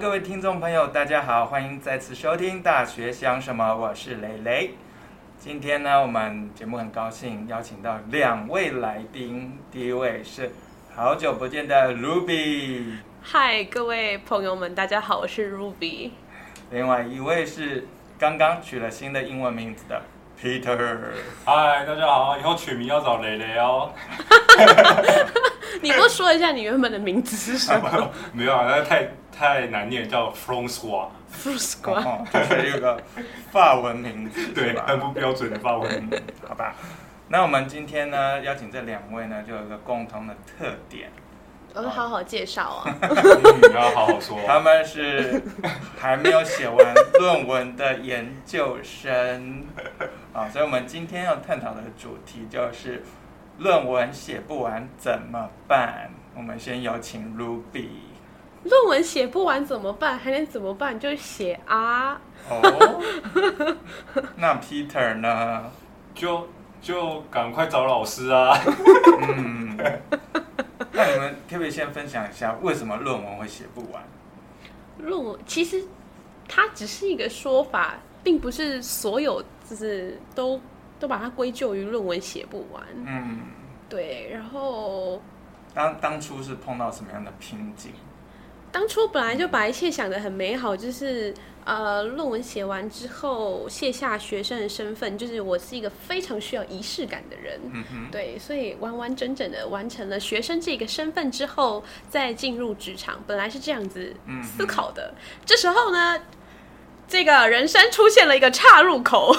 各位聽眾朋友，大家好，歡迎再次收聽《大學想什麼》，我是蕾蕾。今天呢，我們節目很高興邀請到兩位來賓，第一位是好久不見的 Ruby。嗨，各位朋友們，大家好，我是 Ruby。另外一位是剛剛取了新的英文名字的 Peter。嗨，大家好，以後取名要找蕾蕾哦。 你不說一下你原本的名字是什麼？ 啊、沒有啊，那太太難念，叫 François。Frosqua，對、 哦，就是、一個法文名字，對，很不標準的法文名字， 好吧？那我們今天呢，邀請這兩位呢，就有一個共同的特點，我們、 哦、好好介紹啊、哦。你、 嗯、要好好說、哦。 他們是還沒有寫完論文的研究生、 哦、所以我們今天要探討的主題就是。論文寫不完怎麼辦？我們先邀請 Ruby。論文寫不完怎麼辦？還能怎麼辦？就寫啊。哦， 那 Peter 呢？就就趕快找老師啊。 嗯， 那你們可不可以先分享一下為什麼論文會寫不完？論文其實它只是一個說法，並不是所有就是都。都把它歸咎於論文寫不完。嗯，對。然後當當初是碰到什麼樣的瓶頸？當初本來就把一切想得很美好，就是呃，論文寫完之後卸下學生的身份，就是我是一個非常需要儀式感的人。嗯哼對，所以完完整整的完成了學生這個身份之後，再進入職場，本來是這樣子思考的。嗯、哼這時候呢？這個人生出現了一個岔路口，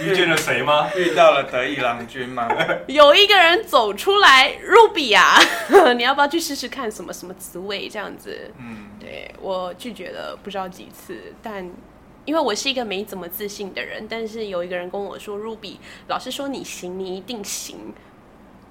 遇見了誰嗎？ 遇到了得意郎君嗎？ 有一個人走出來，Ruby 啊， 你要不要去試試看什麼什麼職位這樣子？嗯，對，我拒絕了不知道幾次，但因為我是一個沒怎麼自信的人，但是有一個人跟我說，Ruby 老師說你行，你一定行，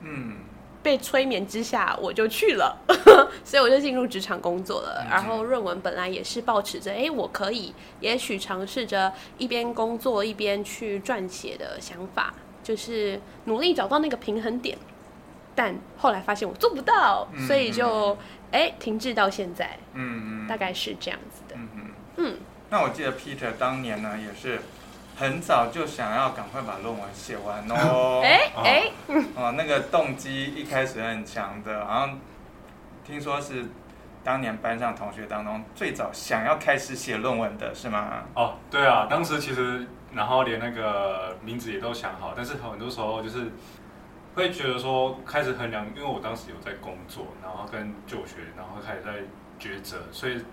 嗯。被催眠之下，我就去了， 所以我就進入職場工作了。然後論文本來也是抱持著，哎，我可以，也許嘗試着一邊工作一邊去撰寫的想法，就是努力找到那個平衡點。但後來發現我做不到，所以就哎、欸、停滯到現在。嗯大概是這樣子的嗯嗯。嗯嗯,嗯,嗯。那我記得 Peter 當年呢，也是。很早就想要趕快把論文寫完哦。哎哎、欸，欸、哦，那個動機一開始很強的，好像聽說是當年班上同學當中最早想要開始寫論文的是嗎？哦，對啊，當時其實然後連那個名字也都想好，但是很多時候就是會覺得說開始衡量，因為我當時有在工作，然後跟就學，然後開始在抉擇，所以。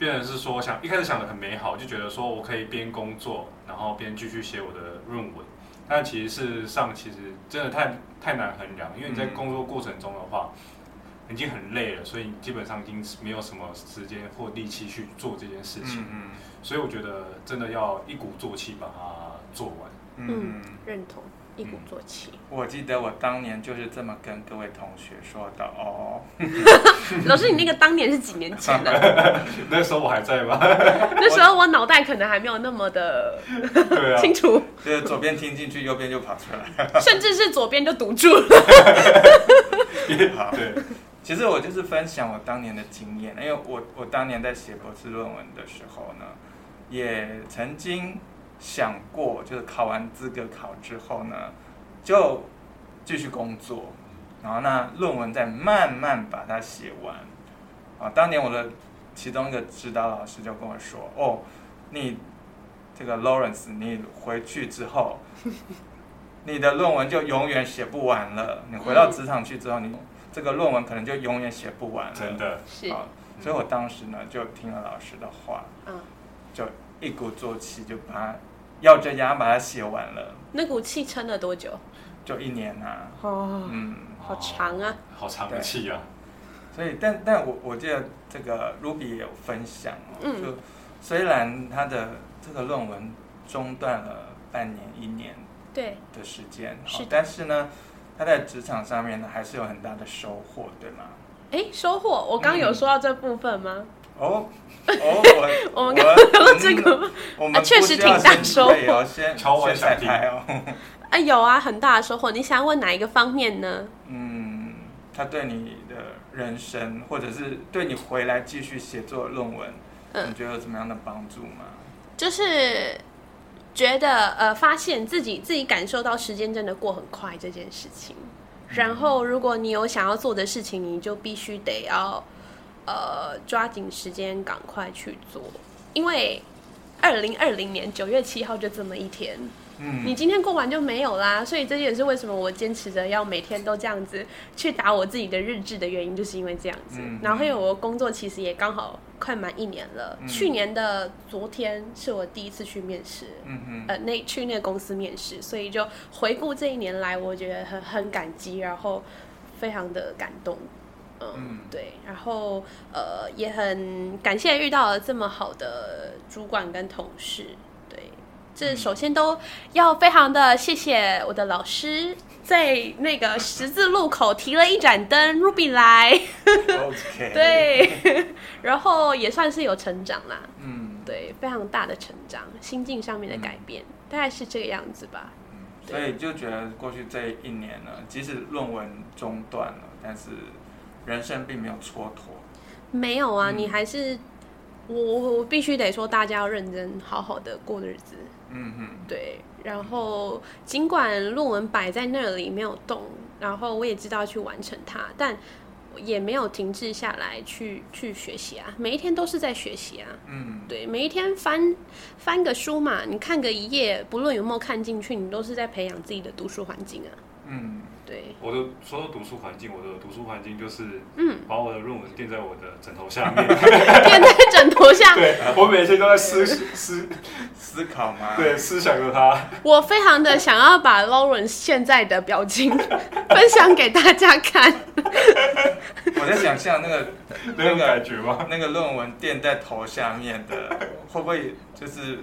變成是說想一開始想得很美好，就覺得說我可以邊工作，然後邊繼續寫我的論文。但其實事實上其實真的太太難衡量，因為你在工作過程中的話，嗯、已經很累了，所以基本上已經沒有什麼時間或力氣去做這件事情。嗯嗯，所以我覺得真的要一鼓作氣把它做完。嗯，嗯認同。一鼓作氣。我記得我當年就是這麼跟各位同學說的哦。 老師，你那個當年是幾年前、啊？的？ 那時候我還在嗎？ 那時候我腦袋可能還沒有那麼的清 楚 對啊，就是左邊聽進去， 右邊就跑出來， 甚至是左邊就堵住了 好。跑！對，其實我就是分享我當年的經驗，因為我我當年在寫博士論文的時候呢，也曾經。想過就是考完資格考之後呢，就繼續工作，然後那論文再慢慢把它寫完。啊，當年我的其中一個指導老師就跟我說：“哦，你這個 Lawrence，你回去之後，你的論文就永遠寫不完了。你回到職場去之後，你這個論文可能就永遠寫不完。”了。真的，啊、是，嗯、所以我當時呢就聽了老師的話，嗯，就。一鼓作氣，就把它咬着牙把它寫完了。那股氣撐了多久？就一年啊。哦，嗯，好長啊。對好長的氣啊！所以，但但我我記得這個 Ruby 也有分享，嗯，就雖然他的這個論文中斷了半年一年對的時間是，但是呢，他在職場上面呢還是有很大的收穫，對嗎？哎、欸，收穫，我剛剛有說到這部分嗎？嗯哦，哦，我們我們剛剛聊了這個，我們、啊、確實挺大收穫，超我彩排哦。潮文先下台哦。啊，有啊，很大的收穫。你想問哪一個方面呢？嗯，他對你的人生，或者是對你回來繼續寫作的論文，嗯，你覺得有什麼樣的幫助嗎？就是覺得呃，發現自己自己感受到時間真的過很快這件事情。然後，如果你有想要做的事情，你就必須得要。呃，抓緊時間，趕快去做，因為二零二零年九月七號就這麼一天，嗯，你今天過完就沒有啦，所以這也是為什麼我堅持着要每天都這樣子去打我自己的日志的原因，就是因為這樣子。然後因為我工作其實也剛好快滿一年了，去年的昨天是我第一次去面試，嗯嗯，呃，那去那個公司面試，所以就回顧這一年來，我覺得很很感激，然後非常的感動。嗯，對，然後呃，也很感謝遇到了這麼好的主管跟同事，對，這首先都要非常的謝謝我的老師，在那個十字路口提了一盞燈 ，Ruby 來，Okay. 對，然後也算是有成長啦，嗯，對，非常大的成長，心境上面的改變，嗯、大概是這個樣子吧，嗯，對所以就覺得過去這一年呢，即使論文中斷了，但是，人生並沒有蹉跎，沒有啊，嗯、你還是我，我必須得說，大家要認真好好的過的日子。嗯嗯哼，對。然後儘管論文擺在那裡沒有動，然後我也知道去完成它，但也沒有停滯下來去去學習啊。每一天都是在學習啊。嗯，對，每一天翻翻個書嘛，你看個一頁，不論有沒有看進去，你都是在培養自己的讀書環境啊。嗯，對。我的說到讀書環境，我的讀書環境就是，嗯，把我的論文墊在我的枕頭下面，嗯、 墊在枕頭下面。 對，我每天都在思思 思考嘛，對，思想着他。我非常的想要把 Lauren 現在的表情分享給大家看。 我在想象那個那個感覺嗎？那個論文墊在頭下面的，會不會就是？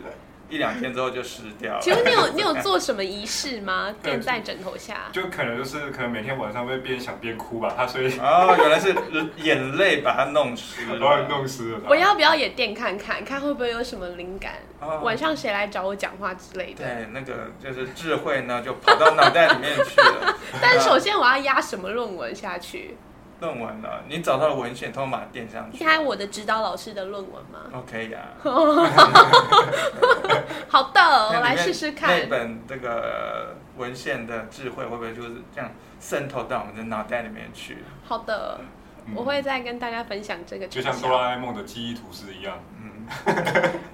一兩天之後就濕掉了。請問你有你有做什麼儀式嗎？墊在 枕頭下？ 就可能就是可能每天晚上會邊想邊哭吧，他所以啊、 哦，原來是眼淚把它弄濕，把它弄濕了。 了我要不要也墊看看，看會不會有什麼靈感？哦、晚上誰來找我講話之類的？對，那個就是智慧呢，就跑到腦袋裡面去了。 但首先我要壓什麼論文下去？論文了、啊，你找到了文獻，通常把它墊上去，還有我的指導老師的論文嗎？OK 呀 yeah.。 好的，我來試試看那本這個文獻的智慧會不會就是這樣滲透到我們的腦袋裡面去？好的，嗯、我會再跟大家分享這個享，就像哆啦 A 夢的記憶圖示一樣。嗯。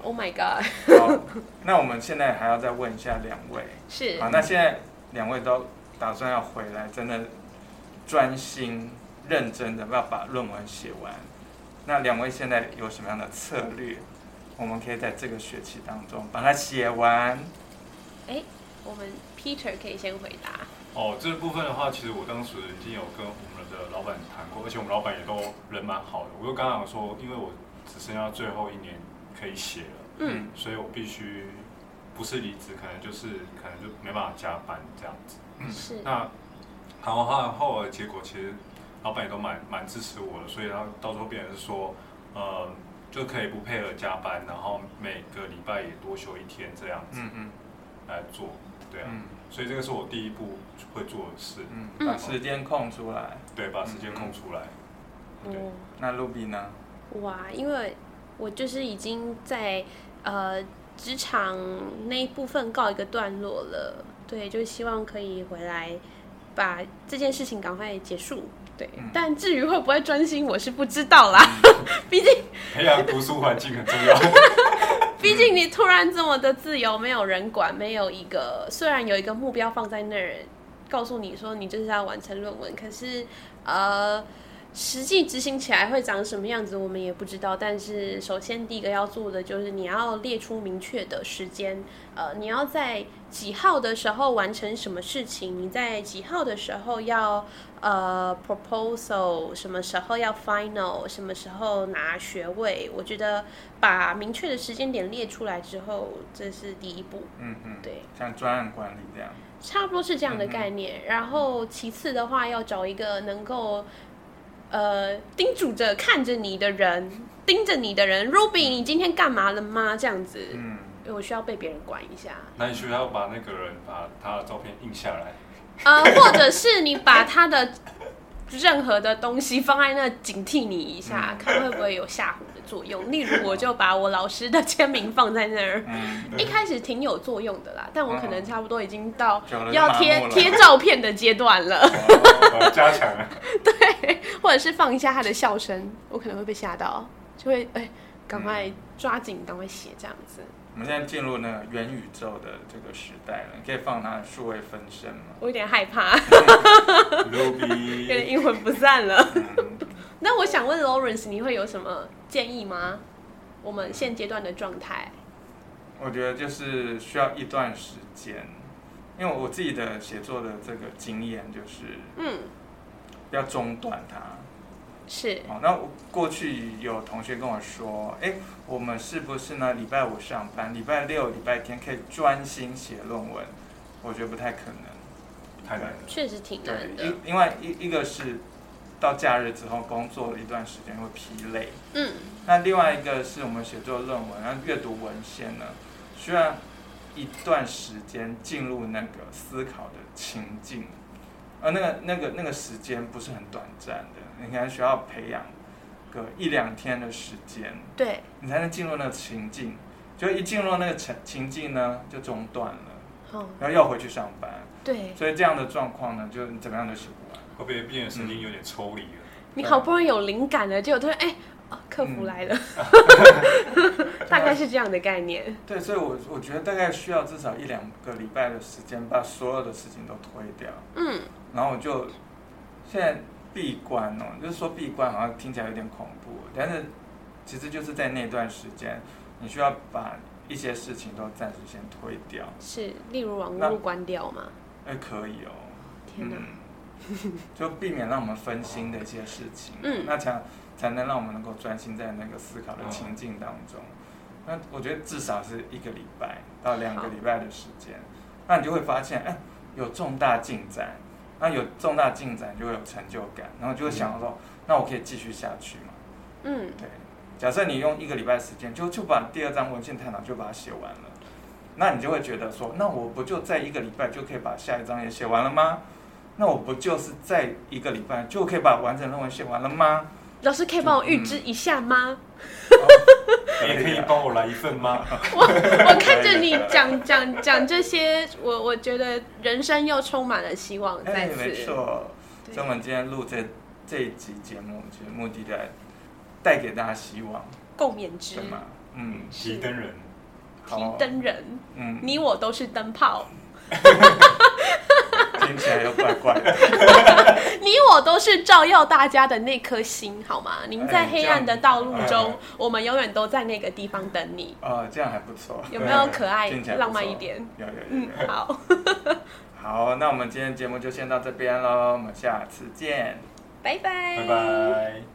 Oh my god！ 好，那我們現在還要再問一下兩位，是好，那現在兩位都打算要回來，真的專心。嗯認真的要把論文寫完。那兩位現在有什麼樣的策略？我們可以在這個學期當中把它寫完。欸，我們 Peter 可以先回答。哦，這個部分的話，其實我當時已經有跟我們的老板談過，而且我們老板也都人蠻好的。我就剛剛說，因為我只剩下最後一年可以寫了，嗯，所以我必須不是離職，可能就是可能就沒辦法加班這樣子。嗯。是。那談完話後，結果其實。老闆也都蠻蠻支持我的，所以到到時候變成是說，呃，就可以不配合加班，然後每個禮拜也多休一天這樣子，嗯嗯，來做，嗯嗯、對啊，嗯、所以這個是我第一步會做的事，嗯把時間空出來，嗯、對，把時間空出來，哦，那 Ruby 呢？哇，因為我就是已經在呃職場那一部分告一個段落了，對，就希望可以回來把這件事情趕快結束。對，但至於會不會專心，我是不知道啦。嗯、畢竟，培養讀書環境很重要。 畢竟你突然這麼的自由，沒有人管，沒有一個，雖然有一個目標放在那兒，告訴你說你就是要完成論文，可是，呃。實際執行起來會長什麼樣子，我們也不知道。但是首先第一個要做的就是你要列出明確的時間，呃，你要在幾號的時候完成什麼事情？你在幾號的時候要呃 proposal？什麼時候要 final？什麼時候拿學位？我覺得把明確的時間點列出來之後，這是第一步。嗯嗯哼，對，像專案管理這樣，差不多是這樣的概念。嗯、哼然後其次的話，要找一個能夠。呃，叮囑着看着你的人，盯着你的人，Ruby，你今天幹嘛了嗎？這樣子，嗯、呃，我需要被別人管一下。那你需要把那個人把他的照片印下來，呃，或者是你把他的。 任何的東西放在那，警惕，你一下，嗯、看會不會有嚇唬的作用。例、嗯、如，我就把我老師的簽名放在那兒，嗯、一開始挺有作用的啦。但我可能差不多已經到要貼貼、啊、照片的階段了，哦哦、加強。 對，或者是放一下他的笑聲，我可能會被嚇到，就會哎，趕、欸、快抓緊，趕快寫這樣子。我們現在進入那個元宇宙的這個時代了，你可以放他的數位分身嗎？我有點害怕，有點陰魂不散了 那我想問 Lawrence，你會有什麼建議嗎？我們現階段的狀態，我覺得就是需要一段時間，因為我自己的寫作的這個經驗就是，嗯，要中斷它。是哦，那過去有同學跟我說，哎，我們是不是呢？禮拜五上班，禮拜六、禮拜天可以專心寫論文？我覺得不太可能，嗯、太難了。確實挺難的。對一因為，另外一一個是，到假日之後工作了一段時間會疲累。嗯。那另外一個是我們寫作論文，然後閱讀文獻呢，需要一段時間進入那個思考的情境，而、呃、那個那個那個時間不是很短暫的。你還需要培養個一兩天的時間，對，你才能進入那個情境。就一進入那個情情境呢，就中斷了，哦，然後要回去上班，對，所以這樣的狀況呢，就你怎麼樣都寫不完，會不會變得神經有點抽離了。嗯，對你好不容易有靈感了，結果突然哎，啊，客服來了。大概是這樣的概念。對，所以我，我我覺得大概需要至少一兩個禮拜的時間，把所有的事情都推掉。嗯，然後我就現在。閉關哦，就是說閉關好像聽起來有點恐怖，但是其實就是在那段時間，你需要把一些事情都暫時先推掉。是，例如網絡關掉嗎？哎，可以哦。天哪！嗯， 就避免讓我們分心的一些事情。嗯。那才才能讓我們能夠專心在那個思考的情境當中。嗯，那我覺得至少是一個禮拜到兩個禮拜的時間，好那你就會發現，誒，有重大進展。那、啊、有重大進展就會有成就感，然後就會想說，嗯、那我可以繼續下去嘛。嗯，對。假設你用一個禮拜時間，就就把第二章文獻探討，就把它寫完了，對那你就會覺得說，那我不就在一個禮拜就可以把下一章也寫完了嗎？那我不就是在一個禮拜就可以把完整論文寫完了嗎？老師可以幫我預知一下嗎？ 也可以幫我來一份嗎？ 我我看着你講講講這些，我我覺得人生又充滿了希望在、欸。沒錯，專門對今天錄這這一集節目，就是目的在帶給大家希望。共勉之嘛，嗯，提燈人，提燈人，嗯，你我都是燈泡， 聽起來又怪怪的。你。 都是照耀大家的那顆心，好嗎？您在黑暗的道路中，欸哎、我們永遠都在那個地方等你。哦、呃、這樣還不錯，有沒有可愛、對對對浪漫一點？有有，有，有嗯，好。 好，那我們今天節目就先到這邊嘍，我們下次見，拜拜，拜拜。